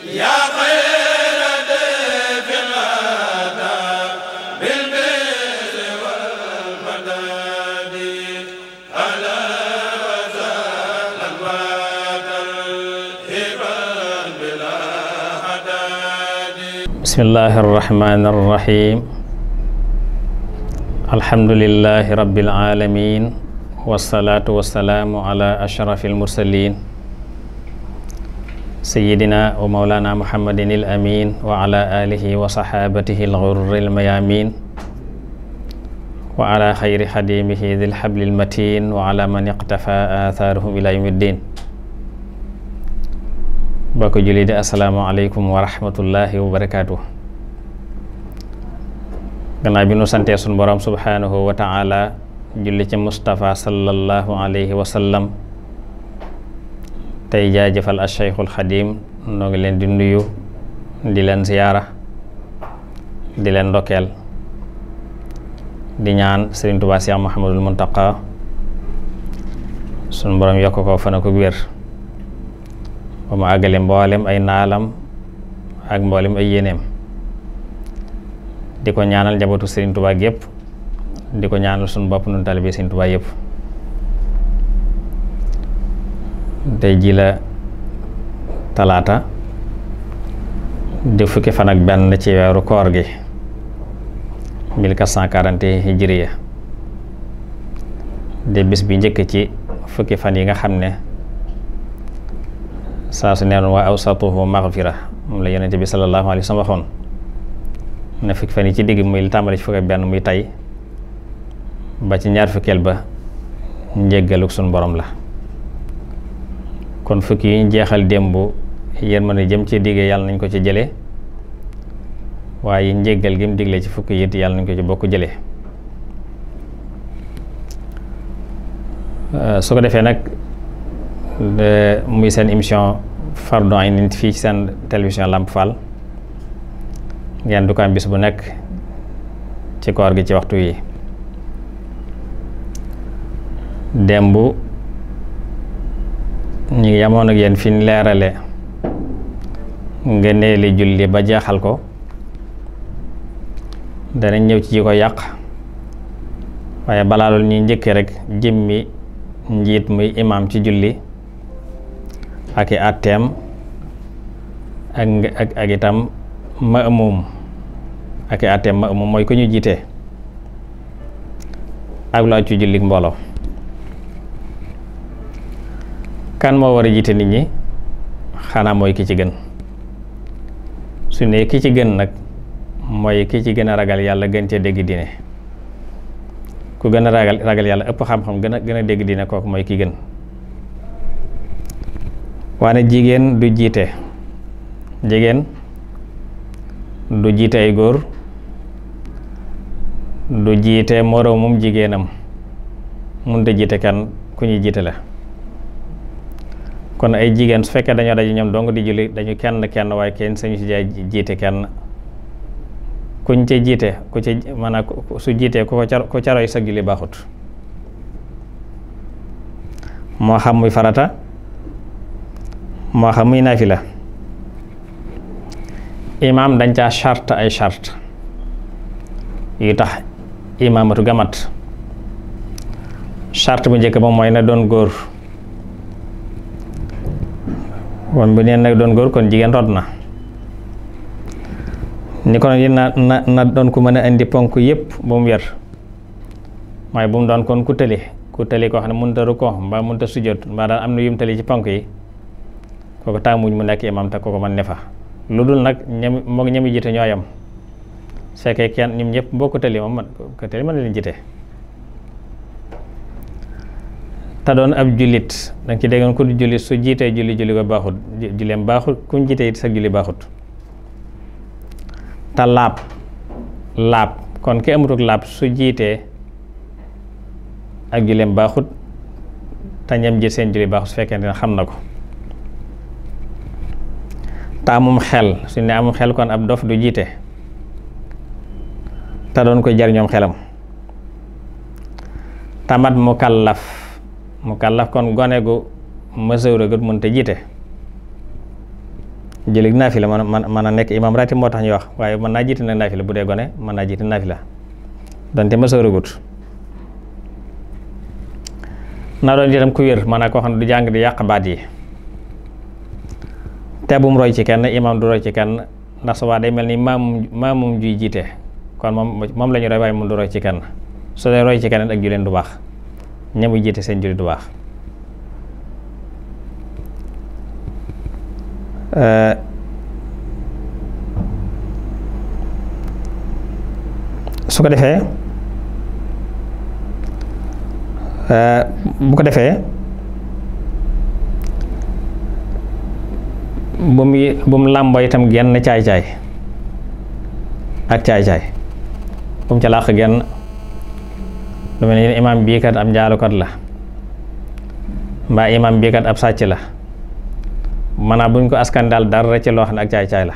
bismillahi arrahmani arrahim alhamdulilahi rabbil alamin wasalaatu wasalaamu ala ashrafi almursalin sayyidina wa mawlana muhammadin il amin wa ala alihi wa saxaabatihi al ghurri al mayamin wa ala xayri xadimihi dil xabli al matin wa ala man iqtafa athaarahum ila yawmi ddin bokk julli di assalaamu aleykum wa rahmatullahi wa barakaatuh gannaaw bi nu santee sun borom subhaanahu wa taala julli ci Mustafa sallallahu alayhi wa sallam tey jaajëfal a Cheikhul Xadim noo leen di nuyu di leen ziyaara di leen ndokkeel di ñaan Sëriñ Tuubaa mu Mouhamadul Muntaqa sunu borom yokk ko fan ko wér ba mu àggale mboolem ay naalam ak mboolem ay yéeneem di ko ñaanal njabootu Sëriñ Tuubaa gépp di ko ñaanal sunu bopp nun taalibe Sëriñ Tuubaa yëpp tey jii la talaata di fukki fan ak benn ci weeru koor gi 1440 hijriya di bi njëkk ci fukki fan yi nga xam ne saa su neen waa awsatuhu maghfira moom la yonente bi sallallahu alayhi wa sallam waxoon fukki fan yi ci digg muy li tàmbali ci fukki benn muy tey ba ci ñaar fukkeel ba njéggaluk sunu borom la kon fukki yi ñu jeexal démb yéen mën a jëm ci digge yàlla nañ ko ci jële waaye njéggal gi mu digle ci fukki yit yàlla nañ ko ci bokk jële euh, su ko defee nag euh, muy seen émission Fardul Hayni nit fii ci seen télévision Lamp Fall ngeen du ko am bis bu nekk ci koor gi ci waxtu yi démb ñu ngi amoon ak yéen fi ñu leerale ngëneeli julli ba jeexal ko danañ ñëw ci ko yàq waaye balaa loolu ñuy njëkk rek jëmmi njiit muy imaam ci julli ak i àtteem ak ak itam maamum ak i àtteem maamum mooy ku ñu jiite ak lu aj ci jullik mbooloo kan moo war a jiite nit ñi xanaa mooy ki ci gën su ne ki ci gën nag mooy ki ci gën a ragal yàlla gën cee dégg diine ku gën a ragal ragal yàlla ëpp xam-xam gën a gën a dégg diine kooku mooy ki gën waane jigéen du jiite jigéen du jiite ay góor du jiite moroomum jigéenam mun te jiite kan ku ñuy jiite la kon ay jigéen su fekkee dañoo daje ñoom dong di julli dañu kenn kenn waaye kenn sañu ci jaay jiite kenn kuñ ca jiite ku ca maanaam su jiitee ku ko car ku caroy sa julli baaxut moo xam muy farata moo xam muy la imaam dañ caa charte ay charte yu tax imaamatu gamat charte bu njëkk ba mooy na doon góor kon bu neen nag doon góor kon jigéen rod na ni kon yi na na na doon ku mën a indi ponk yëpp bu mu wér mooy bu mu doon kon ku tëli ku tëli koo xam ne mënut a rukkoo mbaa mënut a sujjóot mbaa daal am na yum tëli ci ponk yi kooku taamuñ mu nekk imam te kooku mën ne fa lu dul nag ñam moog ñami jiite ñooyam su fekkee kenn ñoom ñëpp boo ko tëli moom man ko tëli mën na leen jiite te doon ab jullit da ci ci ko ku jullit su jiitee julli julli ko baaxut julleem baaxut ku jiitee it sax julli baaxut te laab kon ki amatul su jiitee ak julleem baaxut te ñam ji seen julli baaxut su fekkee ne xam na ko te amum xel su ne amum xel kon ab dof du jiite te doon koy jar xelam tamat mu kàllaf mu kàllaf kon gone gu mësawra gut mën te jiite jullit naafila man man mën a nekk imam ratib moo tax ñuy wax waaye mën naa jiite nag naafila bu dee gone mën naa jiite naafila donte mësawra gut naa doon itam ku wér maanaam koo xam ne du jàng di yàq baat yi te bum roy ci kenn imam du roy ci kenn ndax su day mel ni maamum maamum juy jiite kon moom moom la ñu roy waaye moom du roy ci kenn su dee roy ci kenn ak ju leen du baax ñamu jiite seen jullit bu baax su ko defee bu ko defee bu mu bu mu làmboo itam genn caay-caay ak caay-caay bu mu ca làq genn lu mel ni imaam bii kat ab njaalukat la mbaa imaam bii ab sàcc la maanaam buñ ko askan daal dara ci loo ak caay-caay la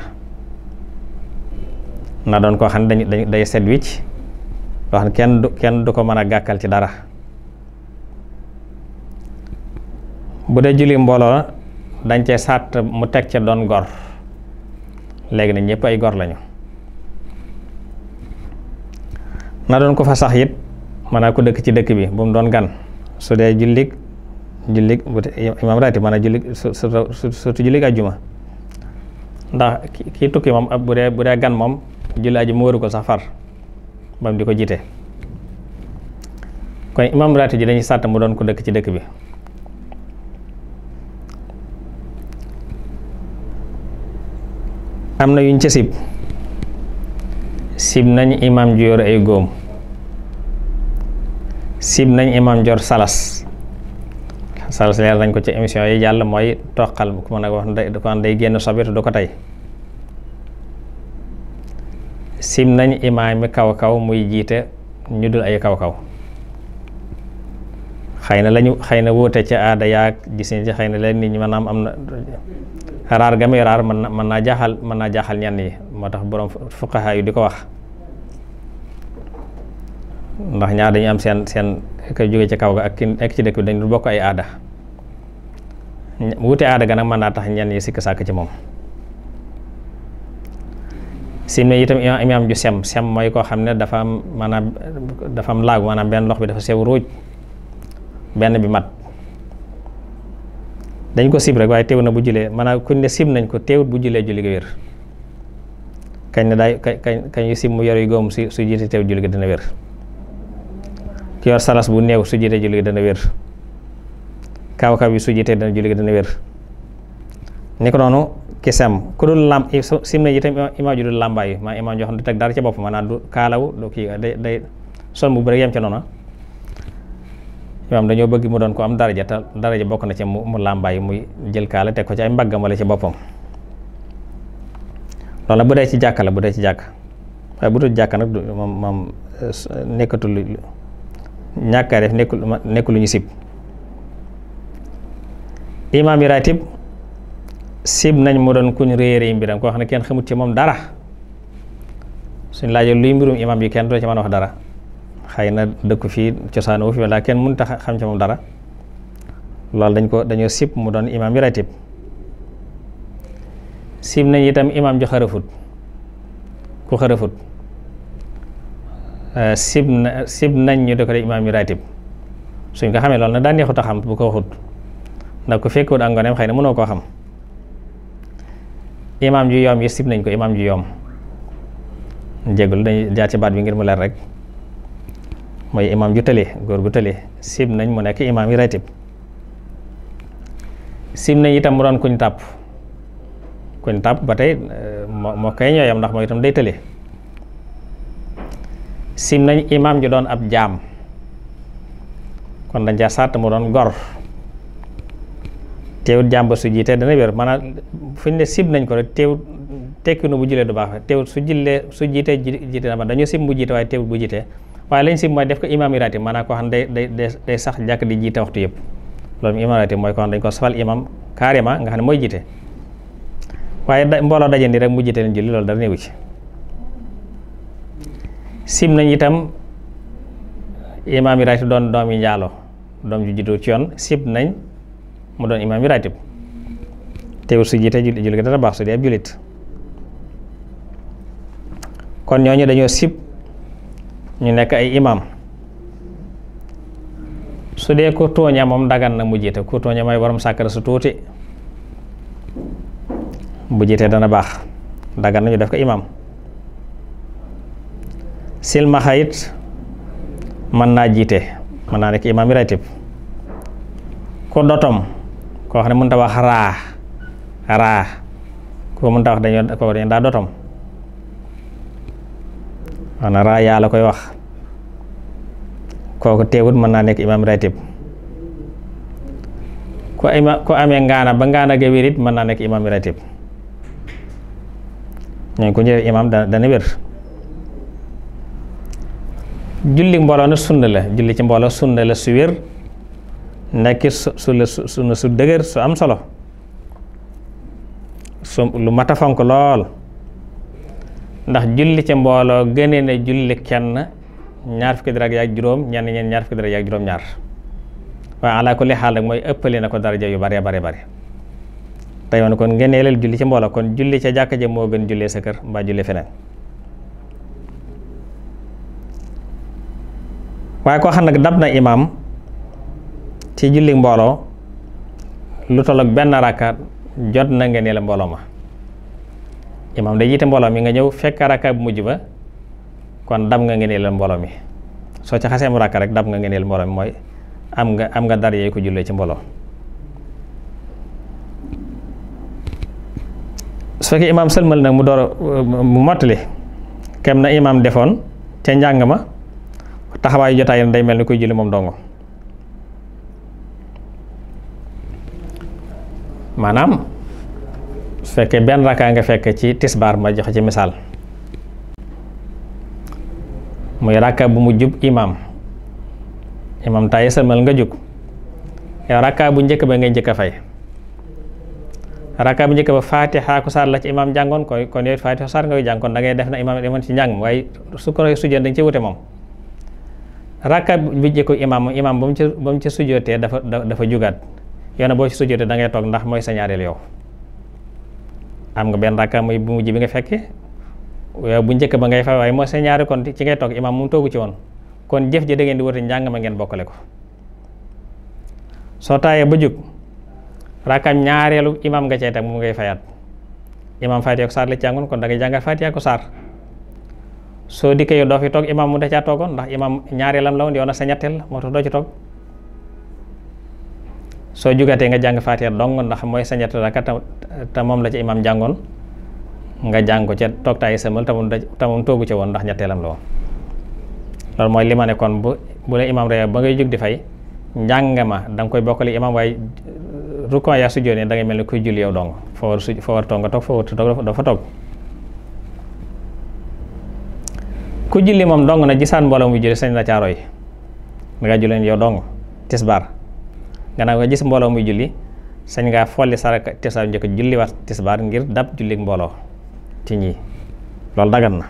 na doon koo xam ne dañ day set wicc loo kenn du ko mën a gàkkal ci dara bu dee julli mbooloo dañ cee sàtt mu teg ca doon gor léegi nag ñépp ay gor lañu na doon ko fa sax yépp maanaam ko dëkk ci dëkk bi bu mu doon gan su dee jullig jullig bu imaam raati maanaam jullig surtout jullig ajjuma ndax kii tukki moom ab bu dee gan moom julli ajjuma waru ko sax far ba di ko jiite kon imaam raati ji dañuy sàtt mu doon ko dëkk ci dëkk bi am na yuñ ca sib sib nañ imaam ju yor ay góom sib nañ imam jor salas salas leer nañ ko ci émission yi jàll mooy toqal bu ko mën a wax day génn sobetu du ko tey sib nañ imaami kaw kaw muy jiite ñu dul ay kaw kaw xëy na lañu xëy na wóote ci aada yaag gisin ci xëy na leen nit ñi maanaam am na raar ga raar mën na mën naa jaaxal mën naa jaaxal ñenn yi moo tax boroom fuqaha yu di ko wax ndax ñaar dañu am seen seen kay jóge ci kaw ga ak ki nekk ci dëkk bi dañu bokk ay aada wute aada ga nag mën naa tax ñenn yi sikk sàkk ci moom sim ne itam ju sem sem mooy koo xam ne dafa am maanaam dafa am benn lox bi dafa sew benn bi mat dañ ko sib rek waaye teew na bu julee maanaam kuñ ne sib nañ ko teewut bu julee julli gi wér kañ ne daay kañ kañ yu sib mu yor yu góom su su jiite teew julli gi dina wér ki yor salas bu new su jiitee julli gi dana wér kaw kaw bi su jiitee dana julli gi dana wér ni noonu ki sem ku dul lam sim ne itam imaam ju dul du teg dara ci bopp maanaam du kaalaw du kii day day sol bu bëri yem ca noonu imaam dañoo bëgg mu doon ko am daraja te daraja bokk na ci mu làmbaay muy jël kaala teg ko ci ay mbaggam wala ci boppam loolu bu dee ci jàkka bu dee ci jàkka jàkka nag moom moom nekkatul ñàkk a def nekkul lu ñu sib imaam yi ratib sib nañ mu doon kuñ réere mbiram koo xam ne kenn xamut ci moom dara suñ laajee luy mbirum imaam yi kenn doo ci man a wax dara xay na dëkku fii cosaanu fi wala kenn mënut tax xam ci moom dara loolu dañ ko dañoo sib mu doon imaam yi ratib sib nañ itam imam ju xarafut ku xarafut Euh, sib na sib nañ ñu di ko def imaam yu raatib suñ ko xamee loolu na daa neexut a xam bu ko waxut ndax ku fekkut ak ngoneem xëy na mënoo koo xam imaam ju yoom yi sib nañ ko imaam ju yoom jéggul dañuy jaar ci baat bi ngir mu leer rek mooy imaam ju tële góor gu tële sib nañ mu nekk imaam yu raatib sib nañ itam mu doon kuñ tàpp kuñ tàpp ba tey euh, moo moo koy ñooyam ndax mooy itam day tële sim nañ imaam ji doon ab jaam kon dañ caa sàtt mu doon gor teewut jàmba su jiitee dana wér maanaam fu ñu ne sib nañ ko rek teewut tekki nu bu julee du baax teewut su jullee su jiitee jiite na ma dañu sib mu jiite waaye teewut bu jiitee waaye lañ sib mooy def ko imaam iraati maanaam koo xam day day day sax jàkk di jiite yëpp loolu imaam iraati mooy koo xam dañ ko safal imaam carrément nga xam ne mooy jiite waaye mbooloo daje nii rek mu jiite leen julli loolu dara néewu ci sib nañ itam imaam yi ratib doon doom yi njaalo doom ju jiitu ci yoon sib nañ mu doon imaam yi ratib teewul su jiite julli gi dara baax su dee ab jullit kon ñooñu dañoo sib ñu nekk ay imaam su dee moom dagan na mu jiite ku tooña mooy borom sàkkara su tuuti bu jiitee dana baax dagan na ñu def ko imaam silmaxa it mën naa jiite mën naa nekk imaam ratib ku dotom koo xam ne mënut a wax raa raa koo mënut a wax dañoo daa dotom maanaam raa yaa la koy wax kooku teewut mën naa nekk imaam ratib ku ima ku amee ngaana ba ngaana ga wér mën naa nekk imaam ratib ñooñu ku ñu def dana wér julli mbooloo na sunna la julli ci mbooloo sunna la su wér nekk su la sunna su dëgër su am solo su lu mat a fonk lool ndax julli ci mbooloo gënee na julli kenn ñaar fukki dara ak juróom ñenn ñenn ñaar fukki dara ak juróom ñaar waaye alaa kulli xaal nag mooy ëppale na ko daraja yu bare bare bare tey woon kon ngëneelal julli ci mbooloo kon julli ca jàkk ja moo gën jullee sa kër mbaa julli feneen waaye koo xam nag dab na imaam ci julli mbooloo lu tolloog benn rakka jot na nga ne la mbooloo ma imaam day jiite mbooloo mi nga ñëw fekk rakka bu mujj ba kon dab nga ngeneel mbooloo mi soo ci xasee mu rakk dab nga ngeneel mbooloo mi mooy am nga am nga dar yooyu ko jullee ci mbooloo su fekkee imaam sëlmal nag mu door mu mottali kem na imaam defoon ca njàng ma taxawaayu jotaayam day mel ni koy julli moom dongo maanaam su fekkee benn rakkaa nga fekk ci tisbaar ma joxe ci misaal muy rakka bu mu jub imaam imaam taay sëlmal nga jug yow rakka bu njëkk ba ngay njëkk a fay rakka bu njëkk ba faatiha ku saar la ci imaam jàngoon kon yooyu faatiha saar ngay jàngoon da def na imaam demoon ci njàng waaye su ko sujjee dañ ci wute moom rakka bu njëkku imaam imaam ba mu ca ca sujjootee dafa dafa jugaat yow nag boo ci sujjootee da toog ndax mooy sa ñaareel yow am nga benn rakka muy bu mujj bi nga fekke bu njëkk ba ngay fa waaye mooy sa ñaari kon ci ngay toog imaam mu toogu ci woon kon jëf ji da ngeen di wute njàng ma ngeen bokkale ko soo taayee ba jug rakkaam ñaareelu imaam nga cee teg mu ngay fayaat imaam Fatiha ko saar la jàngoon kon da ngay jàngal Fatiha saar soo dikkee yow doo fi toog imaam mu da caa toogoon ndax imaam ñaareelam la woon yow na sa ñetteel moo tax doo ci toog soo jugatee nga jàng faatiha dong ndax mooy sa ñetteel ak te moom la ci imaam jàngoon nga jàng ko ca toog taay sëmal te moom toogu ci woon ndax ñetteelam la woon loolu mooy li ma ne kon bu bu la imaam ree ba ngay jug di fay njàng ma danga koy bokkali imaam waaye rukkoo yaa sujjóot ne mel ni kuy julli yow dong foo war su foo war toog nga toog ku julli moom dong na gisaan mbooloo mu julli sañ na caa roy dangaa julleen yow dong tisbaar gannaaw nga gis mbooloo muy julli sañ ngaa folli saraka tisbaar njëkk julliwaat tisbaar ngir dab jullik mbooloo ci ñi loolu dagan na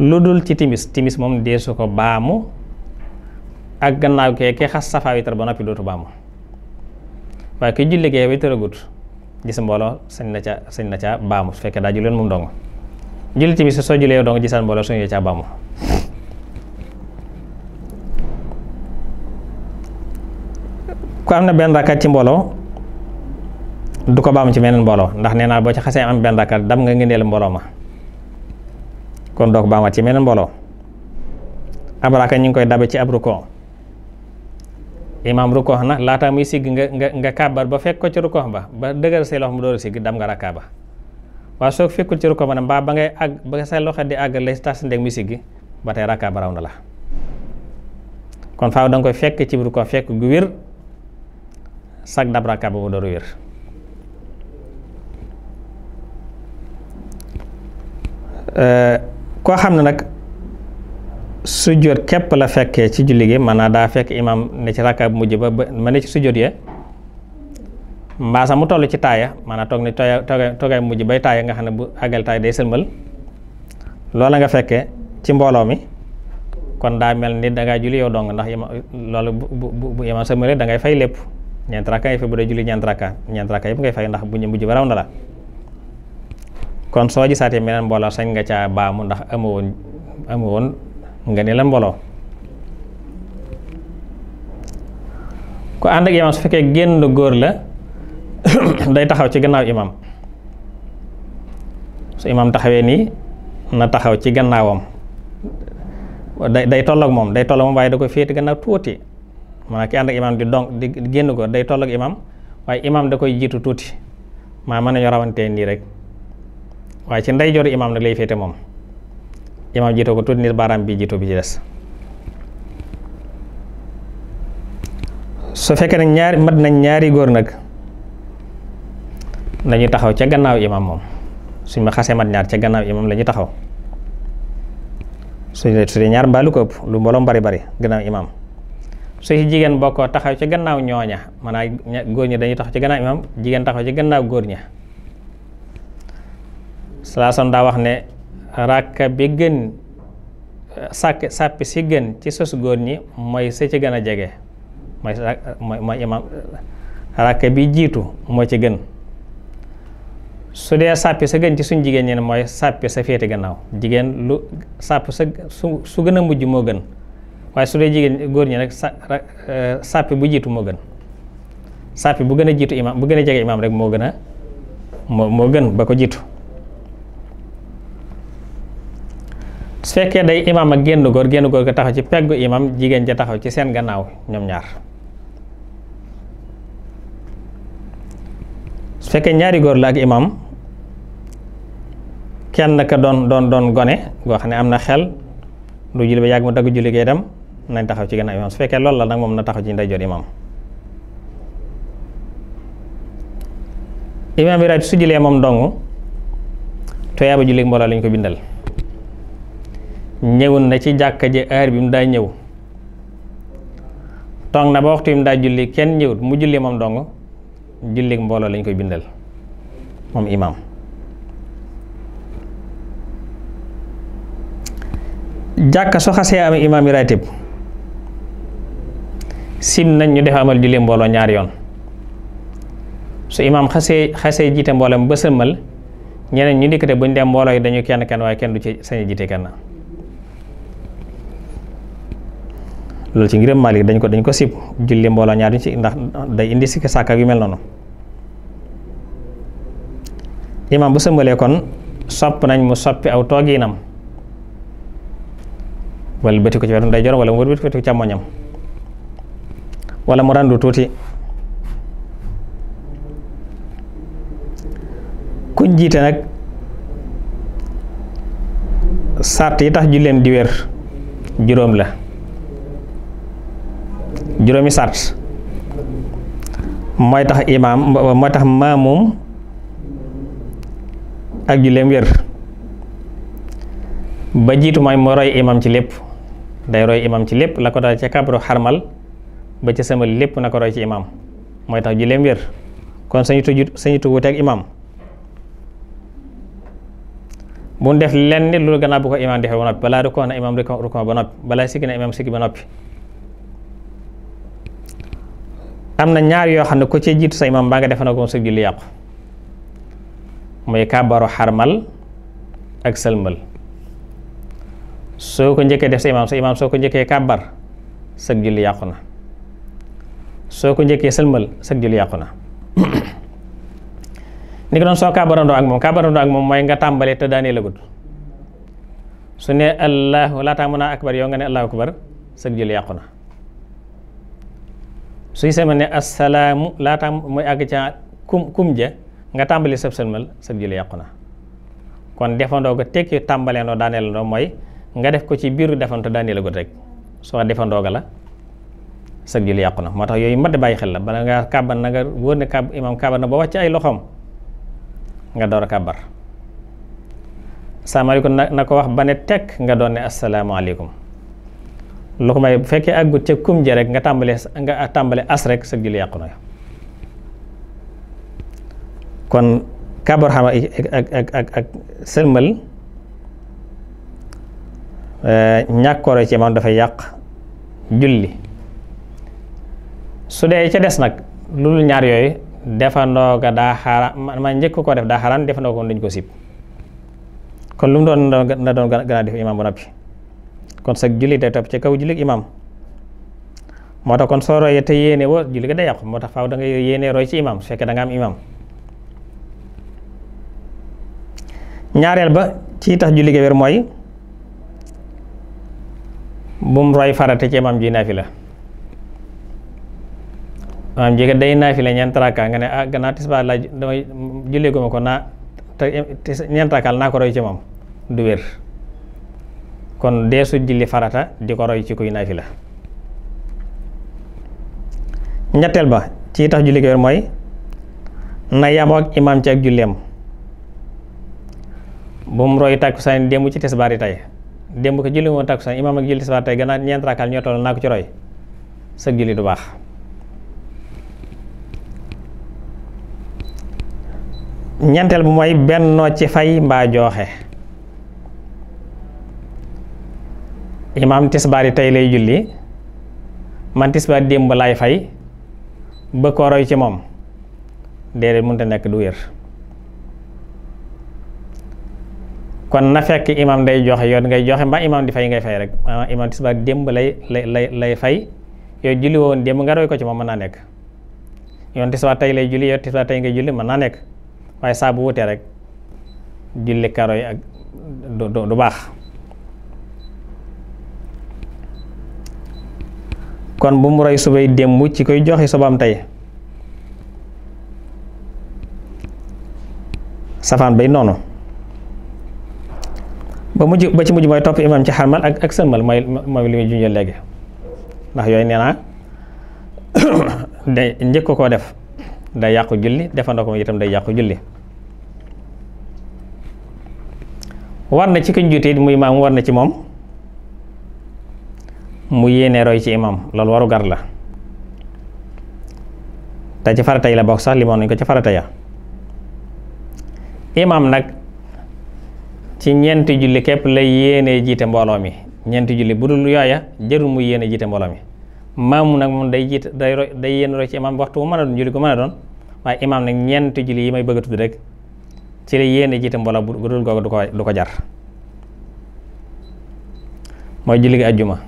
lu dul ci timis timis moom deesu ko baamu ak gannaaw kee ki xas safaa witar ba noppi dootu baamu waaye ki julli gee witaragut gis mbooloo sañ na ca sañ na ca baamu su fekkee daa julleen moom dong jullit bi soo julee yow dong ci seen mbooloo suñu ca baamu ku am na benn rakkat ci mbooloo du ko baam ci meneen mbooloo ndax nee naa boo ci xasee am benn rakkat dam nga ngëneel mboloo ma kon doo ko baamat ci meneen mbooloo ab rakkat ñu ngi koy dab ci ab rukkoo imaam rukkoo na laata muy sigg nga nga nga kàbbar ba fekk ko ci rukkoo ba ba dëgër say loxo mu door a sigg dam nga rakkaa ba waa soo fekkul ci ruko ba nag mbaa ba ngay àgg ba say loxo di àgg lay tas ndeg misik gi ba tey rakka ba raw na la kon faaw danga koy fekk ci ruko fekk gu wér sag dab rakka boobu dooru wér koo xam ne nag sujjóot képp la fekkee ci julli gi man naa daa fekk imam ne ci rakka bu mujj ba ba ma ne ci sujjóot yee mbaa mu toll ci taaya maanaam toog na toogaay toogaay mujj bay taaya nga xam ne bu àggal taaya day sëlmal loola nga fekkee ci mbooloo mi kon daa mel ni dangaa julli yow dong ndax ima loolu bu bu ima sëlmalee da ngay fay lépp ñeent rakka yi fi bu dee julli ñeent rakka ñeent rakka yëpp ngay fay ndax bu ñu mujj ba raw na la kon soo gisaatee meneen mbooloo sañ nga caa baamu ndax amu woon amu woon nga ni la mbooloo ku ànd ak imam su fekkee génn góor la day taxaw ci gannaaw imam su imam taxawee nii na taxaw ci gannaawam day day tolloog moom day tolloog moom waaye da koy féete gannaaw tuuti maanaam ki ànd ak imam di donc di génn ko day tolloog imam waaye imam da koy jiitu tuuti maa mën nañu rawantee nii rek waaye ci ndeyjooru imam nag lay féete moom imam jiitoo ko tuuti nit baaraam bi jiitu bi su fekkee nag ñaari mat na ñaari góor nag lañuy taxaw ca gannaaw imam moom suñ ma xasee mat ñaar ca gannaaw imam la ñuy taxaw su ñaar lu ko ëpp bari bari gannaaw imam su jigéen bokkoo taxaw ci gannaaw ñooña maanaam ñi dañuy taxaw ci gannaaw jigéen taxaw ci gannaaw ña salaasam daa wax ne ràkka bi gën sàkk sàppi si gën ci sos góor ñi mooy si ci gën a jege mooy mooy imam ràkka bi jiitu moo ci gën su dee sàppi sa gën ci suñ jigéen ñeen mooy sàppi sa féete gannaaw jigéen lu sàpp sa su su gën a mujj moo gën waaye su dee jigéen góor ñi rek euh, sàppi bu jiitu moo gën sàppi bu gën a jiitu imam bu gën a jege imaam rek moo gën a moo moo gën ba ko jiitu su fekkee day imaam ak génn góor génn góor ga taxaw ci peggu imaam jigéen ja taxaw ci seen gannaaw ñoom ñaar su fekkee ñaari góor la ak imaam kenn ka doon doon doon gone goo xam ne am na xel du julli ba yàgg mu dagg julli gay dem nañ taxaw ci gannaaw imaam loolu la nag moom na taxaw ci ndeyjoor imaam imaam bi su jullee moom dong toyaaba julli mbooloo lañ ko bindal ñëwun na ci jàkka ji bi mu daa ñëw toog na ba waxtu bi mu daa julli kenn ñëwut mu julli moom dong julleek mbooloo lañ koy bindal moom imaam jàkka soo xasee am imaam yi raatib sim nañ ñu def amal julli mbooloo ñaari yoon su imaam xasee xasee jiite mbooloo ba sëmmal ñeneen ñu dikkate buñ dem mbooloo yi dañu kenn kenn waaye kenn du ci sañ jiite kenn lool ci ngirëm Maalik dañ ko dañ ko sib julli mbooloo ñaar ñu ci ndax day indi sikki sàkk yu mel noonu imaam bu sëmbalee kon sopp nañ mu soppi aw toogiinam wala bëti ko ci wetu ndeyjooram wala mu wër bëti ko ci càmmoñam wala mu randu tuuti kuñ jiite nag sart yi tax julleem di wér juróom la juróomi sart mooy tax imaam mooy tax maamum ak julleem wér ba jiitu mooy mu roy imaam ci lépp day roy imaam ci lépp la ko daal ca kabru xarmal ba ca sama lépp na ko roy ci imaam mooy tax julleem wér kon sañu tuju sañu tuwute ak imaam bu def lenn lu gannaaw bu ko imaam defee ba noppi balaa rukkoo na imaam rukkoo ba noppi balaa siggi na imaam siggi ba noppi am na ñaar yoo xam ne ko cee jiit sa imaam baa nga defe na ko sa julli yàqu muy kàbbaru xarmal ak sëlmal soo ko njëkkee def sa imaam sa imaam soo ko njëkkee kàbbar sa julli na soo ko njëkkee sëlmal sa julli yàqu na ni ko doon soo kàbbarandoo ak moom kàbbarandoo ak moom mooy nga tàmbalee te daanee lagut su ne allahu laataa mun a akbar yow nga ne allahu akbar sa julli yàqu na suy selmal ne assalaamu laata mooy àgg ca kum kum ja nga tàmbali sab selmal sab julli yàqu na kon defandoo ga tekki tàmbaleendoo daaneelandoo mooy nga def ko ci biiru la daaneelagut rek soo defandoo ga la sag julli yàqu na moo tax yooyu mat bàyyi xel la bala nga kàbban na nga wóor ne kàbb imaam kàbban na ba wàcc ay loxoom nga door a kàbbar salaamaaleykum na na ko wax ba ne tekk nga doon ne asalaamaaleykum lu ko may bu fekkee àggut ca kum ja rek nga tàmbalee nga tàmbale as rek sa julli yàqu na kon kabar xam ak ak ak ak sëlmal eh, ñàkkooro ci man dafay yàq julli su dee ca des nag loolu ñaar yooyu defandoo ko daa xaaraam man njëkk koo def daa xaaraam defandoo ko dañ ko sib lu mu doon na doon gën a def imaam bu noppi kon sag julli day topp ci kaw julli imaam moo tax kon soo royee te yéene woo julli ga day yàqu moo tax faaw da nga yéene roy ci imaam su fekkee da am imaam ñaareel ba ci tax julli ga wér mooy bum roy farate ci imaam ji naafila maanaam jege day la ñeent kaa nga ne ah gannaaw tisbaar laa damay jullee ko naa te ñeent rakkaal naa ko roy ci moom du wér kon deesu julli farata di ko roy ci kuy naafi la ñetteel ba ci tax julli ko mooy na yamoo ak imaam ci ak julleem bu mu roy tàkkusaan démb ci tisbaar yi tey dem ko julli woon tàkkusaan imaam ak julli tisbaar tey gannaaw ñeent raakaal ñoo toll naa ko ci roy sëg julli du baax ñeenteel bu mooy bennoo ci fay mbaa jooxe imaam tisbaar yi tey lay julli man tisbaar démb laay fay bëgg ko roy ci moom déedéet mënta nekk du wér kon na fekk imaam day joxe yoon ngay joxe mbaa imaam di fay ngay fay rek ah, imaam tisbaar démb lay lay lay lay fay yow julli woon démb nga roy ko ci moom mën naa nekk yoon tisbaar tey lay julli yow tisbaar tey ngay julli mën naa nekk waaye saa bu wutee rek julli karoy ak du du baax kon bu mu roy sobay démb ci koy joxe sobaam tey safaan bay noonu ba mujj ba ci mujj mooy topp imaam ci xarmal ak ak sëlmal mooy mooy li muy junjee léegi ndax yooyu nee naa day njëkk koo def day yàqu julli defandoo ko itam day yàqu julli war na ci ko jiite muy maam war na ci moom mu yéene roy ci imam loolu waru gar la te ci farata yi la bokk sax limoon nañ ko ci farata ya imam nag ci ñeenti julli képp lay yéene jiite mbooloo mi ñeenti julli bu dul yooya jërul mu yéene jiite mbooloo mi maamu nag moom day jiit day roy day yéene roy ci imam waxtu bu mën a doon julli ko mën doon waaye imam nag ñeenti julli yi may bëgg a tudd rek ci la yéene jiite mbooloo bu dul googu du ko du ko jar mooy julli gi ajjuma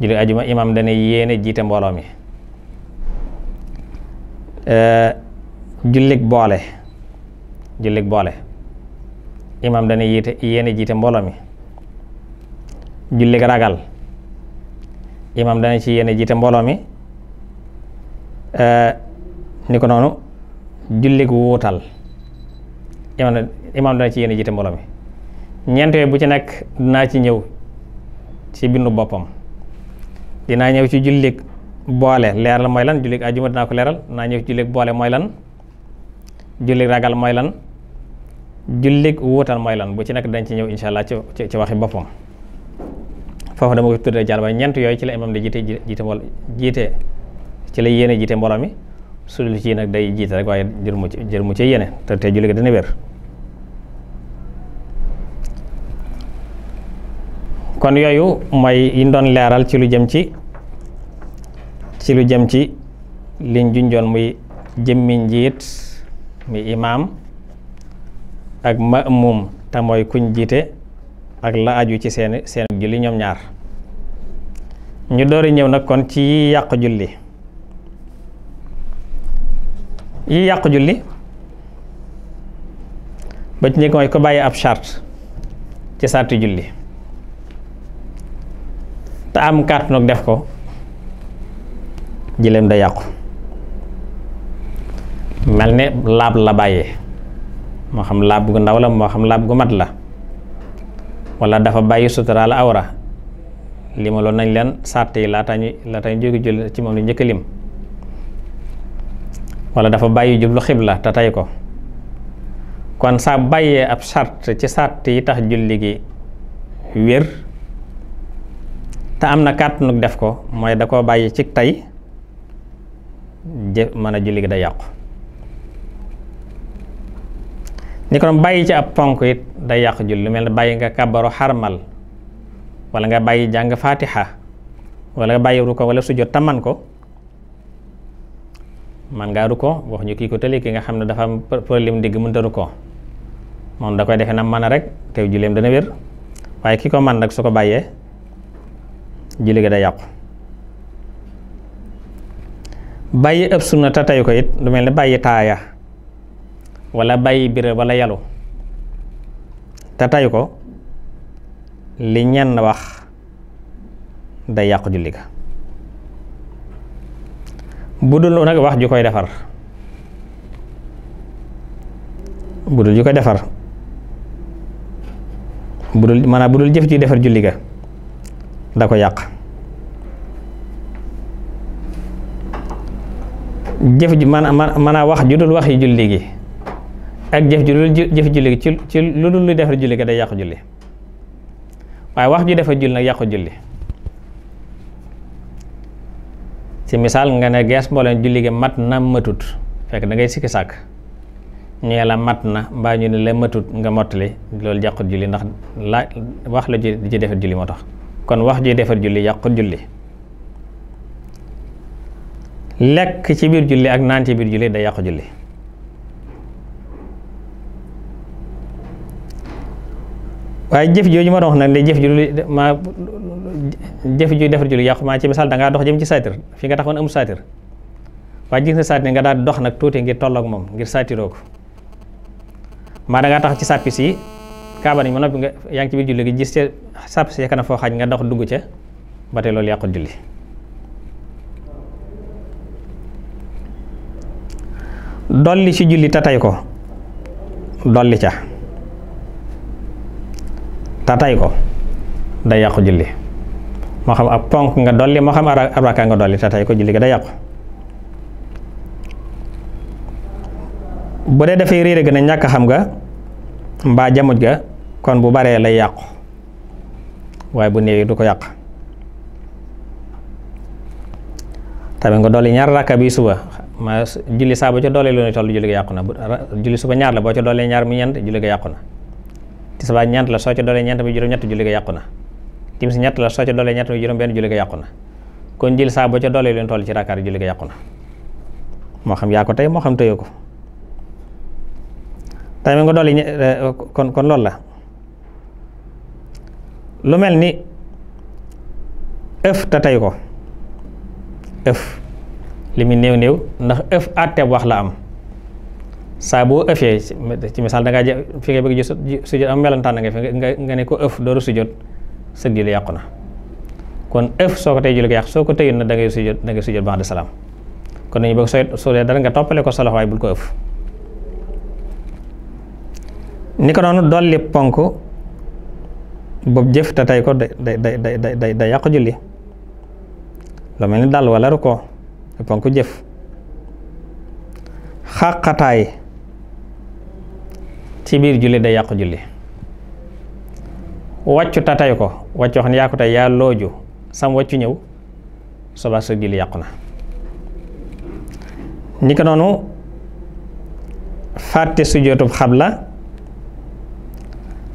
julli ajuma imam dana yéene jiite mbooloo mi jullig boole jullig boole imam dana yéete yéene jiite mbooloo mi jullig ragal imam dana ci yéene jiite mbooloo mi ni noonu jullig wuutal imam imam dana ci yéene jiite mbooloo mi ñeent bu ci nekk dinaa ci ñëw ci bindu boppam dinaa ñëw ci jullig boole leeral mooy lan jullig ajuma dinaa ko leeral naa ñëw ci jullig boole mooy lan jullig ragal mooy lan jullig wuutal mooy lan bu ci nekk dañ ci ñëw insha allah ci ci waxi boppam foofu dama ko tuddee jàll ba ñeent yooyu ci la imam di jiite jiite jiite ci la yéene jiite mbooloo mi su dul ci nag day jiite rek waaye jël mu ci jël mu ci yéene te te julli ga dina wér kon yooyu mooy yiñ doon leeral ci lu jëm ci ci lu jëm ci liñ junjoon muy jëmmi njiit muy imaam ak ma'muum te mooy kuñ jiite ak la aju ci seen seen julli ñoom ñaar ñu doori ñëw nag kon ci yi yàq julli yi yàq ba ci njëkk mooy ko bàyyi ab charte ci sarti julli te am carte nag def ko jëleem da yàqu mel ne laab la bàyyee moo xam laab gu ndaw la moo xam laab gu mat la wala dafa bàyyi suturaal awra li ma nañ leen sàtt yi laata ñu laata ñu jóge jël ci moom lu njëkk lim wala dafa bàyyi jublu la te tey ko kon saa bàyyee ab sart ci sart yi tax julli gi wér te am na kàttanug def ko mooy da koo bàyyi ci tey jë mën a julli gi day yàqu ni ko bàyyi ci ab ponk it day yàqu julli lu mel ne bàyyi nga kàbbaru xarmal wala nga bàyyi jàng faatiha wala nga bàyyi ruko wala sujjóot taman ko man ngaa ruko wax ñu kii ko tëli ki nga xam ne dafa am problème digg mënta ruko moom da koy defee na mën a rek te julleem dana wér waaye kii ko man nag su ko bàyyee julli gi day yàqu bàyyi ëpp sunna te tey ko it lu mel ne bàyyi taaya walla bàyyi bira wala yalu te tay ko li ñenn wax day yàqu julli ga bu dul wax ju koy defar bu dul ju koy defar bu dul maanaam bu dul jëf ji defar julli ga da ko yàq jëf ju man man a wax ju dul wax yi julli gi ak jëf ju dul jëf julli gi ci lu dul lu defar julli gi day yàq julli waaye wax ju defar julli nag yàqu julli ci misaal nga ne gees mbooleen julli gi mat na matut fekk dangay ngay sikki sàkk ñu la mat na mbaa ñu ne la matut nga mottali loolu jàqut julli ndax la wax la ju ci defar julli moo tax kon wax ji defar julli yàqut julli lekk ci biir julli ak naan ci biir julli day yàqu julli waaye jëf jooju ma doon wax nag ne jëf ju ma jëf ju defar julli yàqu maa ci misaal da ngaa dox jëm ci saatir fi nga taxoon amul saatir waaye gis na saatir nga daal dox nag tuuti ngir tolloog moom ngir saatiroo ko maa da tax ci sàppis yi kaaba nañ ba noppi nga yaa ci biir julli gi gis ca sàpp si kanam foo xaaj nga dox dugg ca ba tey loolu yàqul julli dolli ci julli tatay ko dolli ca tatay ko day yàqu julli moo xam ab ponk nga dolli moo xam ab rakka nga dolli tatay ko julli gi day yàqu bu dee dafay réere gën a ñàkk xam nga mbaa jamuj ga kon bu baree lay yàqu waaye bu néew yi du ko yàq tamit nga dolli ñaar rakka bi suba ma julli saabu boo ca dolli loolu toll julli ga yàqu na julli suba ñaar la boo ca dolli ñaar mu ñeent julli ga yàqu na tisbaar ñeent la soo ca dolli ñeent mi juróom-ñett julli yàqu na timis ñett la soo ca dolli ñett mi juróom-benn julli ga yàqu na kon julli saa boo ca dolli loolu toll ci rakkaar julli ga yàqu na moo xam yaa ko tey moo xam tëye ko tamit nga dolli kon kon loolu la lu mel ni ëf te tey ko ëf li néew néew ndax ëf àtteeb wax la am saa boo ëfee ci misaal da ngaa jë fi nga bëgg ji sujjóot am melantaan nga fi nga ne ko ëf dooru sujjóot sëg julli yàqu na kon ëf soo ko tey julli ko yàq soo ko teyul na da ngay sujjóot da sujjóot baax de salaam kon nañu bëgg sooy soo dee dara nga toppale ko sa loxo bul ko ëf ni ko noonu dolli ponk boobu jëf te tey ko day day day day day yàq julli lu mel ni dal wala rukkoo ponk jëf xàqataay ci biir julli day yàq julli wàccu te tey ko wàccu xam ne yaa ko sam wàccu ñëw soba sa julli yàqu na ni ko noonu fàtte sujjóotub xabla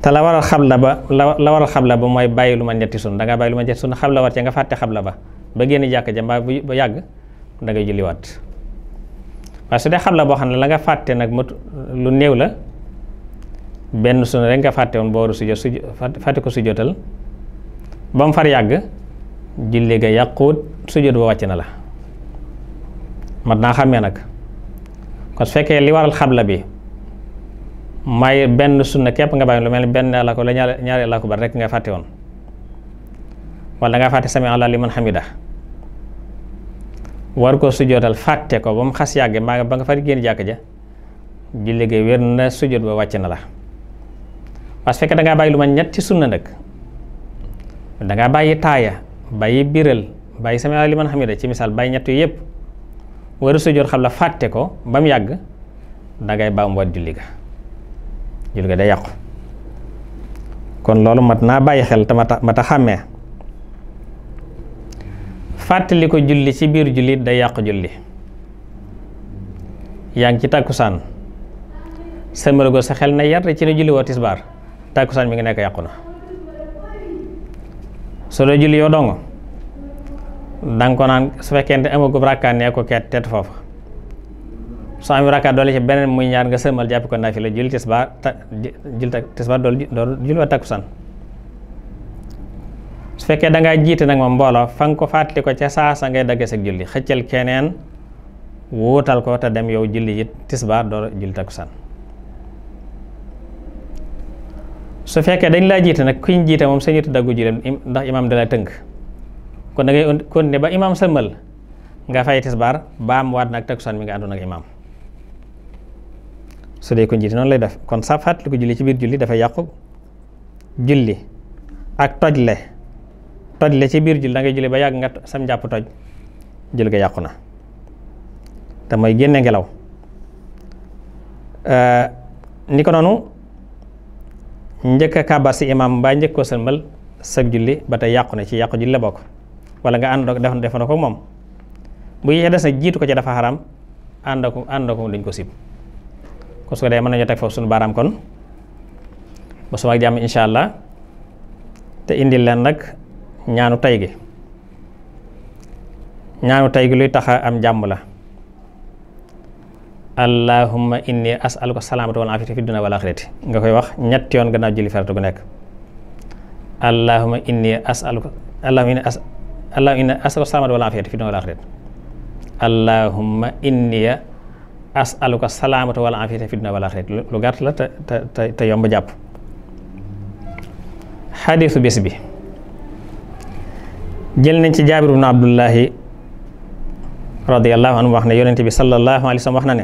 te la waral xabla ba la waral xabla ba mooy bàyyi lu ma ñetti sun danga ngaa bàyyi lu ma ñetti sun xabla war ca nga fàtte xabla ba ba génn jàkk ja mbaa bu ba yàgg da ngay julliwaat waaye su dee la boo xam ne la nga fàtte nag mot lu néew la benn sun rek nga fàtte woon booru sujjo su fàtte ko sujjotal ba mu far yàgg julli ga yàquut sujjot ba na la mat naa xàmmee nag ko su fekkee li waral xabla bi may benn sunna képp nga bàyyi lu mel ni benn la ko la ñaari la ko bar rek nga fàtte woon wala nga fàtte sami Allah liman hamida war ko sujjootal fàtte ko ba mu xas yàgge maa nga ba nga far génn jàkk ja julli gi wér na sujjoot ba wàcc na la parce que dangaa bàyyi lu ma ñetti sunna nag dangaa bàyyi taaya bàyyi biral bàyyi sami Allah liman hamida ci misaal bàyyi ñett yëpp war a sujjoot xam la fàtte ko ba mu yàgg dangay baamuwaat julli ga jul nga day yàqu kon loolu mat naa bàyyi xel te mat a xàmmee fàttaliku julli ci biir julli day yàqu julli yaa ngi ci tàkkusaan sëmërgo sa xel na yar ci ne julli woo tisbaar tàkkusaan mi ngi nekk yàqu na soo doo julli yoo dong danga ko naan su fekkente amagub rakkaan nee ko ket tet foofu soo amee rakkaat doole ci beneen muy ñaar nga sëlmal jàppi ko naafila julli tisbaar ta jul tisbaar dool dool julli wa takkusaan su fekkee da ngaa jiite nag moom mbooloo fa nga ko fàttali ko ca saasa ngay dagge sa julli xëccal keneen wuutal ko te dem yow julli ji tisbaar dool julli takkusaan su fekkee dañ laa jiite nag kuñ jiite moom sañutu daggu julli ndax imaam da la tënk kon da ngay kon ne ba imaam sëlmal nga fay tisbaar baam waat nag takkusaan mi nga àndoon ak imaam su dee ko njiit noonu lay def kon sa fàttali ko julli ci biir julli dafay yàqu julli ak toj le ci biir julli da ngay julli ba yàgg nga sam njàpp toj julli ga yàqu na te génne ngelaw ni ko noonu njëkk a kàbbar si imaam mbaa njëkk koo sëlmal sag ba tey yàqu na ci yàqu julli la bokk wala nga ànd def defandoo ko moom bu yéexee des nag jiitu ko ci dafa xaram ànd ko ànd ko duñ ko sib parce que day mën nañu teg foofu suñu baaraam kon ba suba ak jàmm incha allah te indi leen nag ñaanu tay gi ñaanu tay gi luy taxa am jàmm la allahumma inni as'aluka salaamata wal afiyata fi dunya wal axirati nga koy wax ñetti yoon gannaaw julli farata gu nekk allahumma inni as'aluka allahumma inni as allahumma inni as'aluka salaamata wal afiyata fi dunya wal allahumma inni asaluka salaamata wala afiyata fi dunya wala axirati lu la te te jàpp xadiisu bés bi jël nañ ci jaabir ibnu abdullahi radiyallahu anhu wax ne yonent bi sallallahu alayhi wa sallam wax na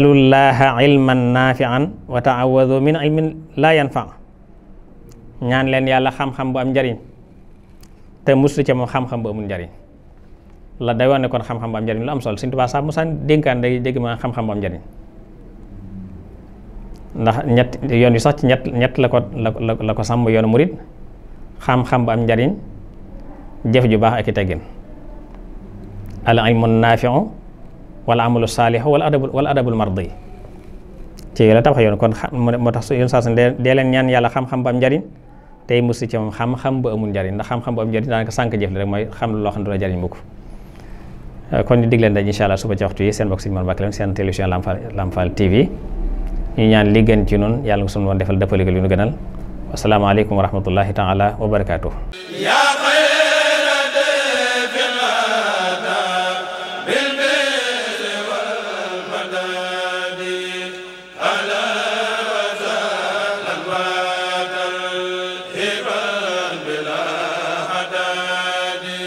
ne ilman naafian wa taawadu min ilmin laa yanfa ñaan leen yàlla xam-xam bu am njariñ te muslu ca moom xam-xam bu amul njariñ la day wane kon xam-xam bu am njariñ lu am solo Sëñ Tuubaa sax mu saan dénkaan day dégg ma xam-xam ñett yoon yu sax ci ñett ñett la ko la la ko sàmm yoonu murit xam-xam bu am njariñ ju baax ak i teggin al ilmu naafiu wala amalu saalihu wala adabul wala adabul mardi ci la tabax yoon kon moo tax yoon saa suñ dee leen ñaan yàlla xam-xam bu am njariñ tey musi ci moom xam-xam bu amul njariñ ndax xam-xam bu am njariñ daanaka sànq jëf la rek mooy xam loo xam ne du la jariñ mukk kon ñu dig leen daje incha allah suba ci waxtu yi seen mbokk Sëriñ Mor Mbacke leen seen télévision Lamp TV ñu ñaan li gën ci noonu yàlla nga sunu defal defal dëppaligal yu nu gënal asalaamaaleykum wa rahmatullahi taala wa barakaatu.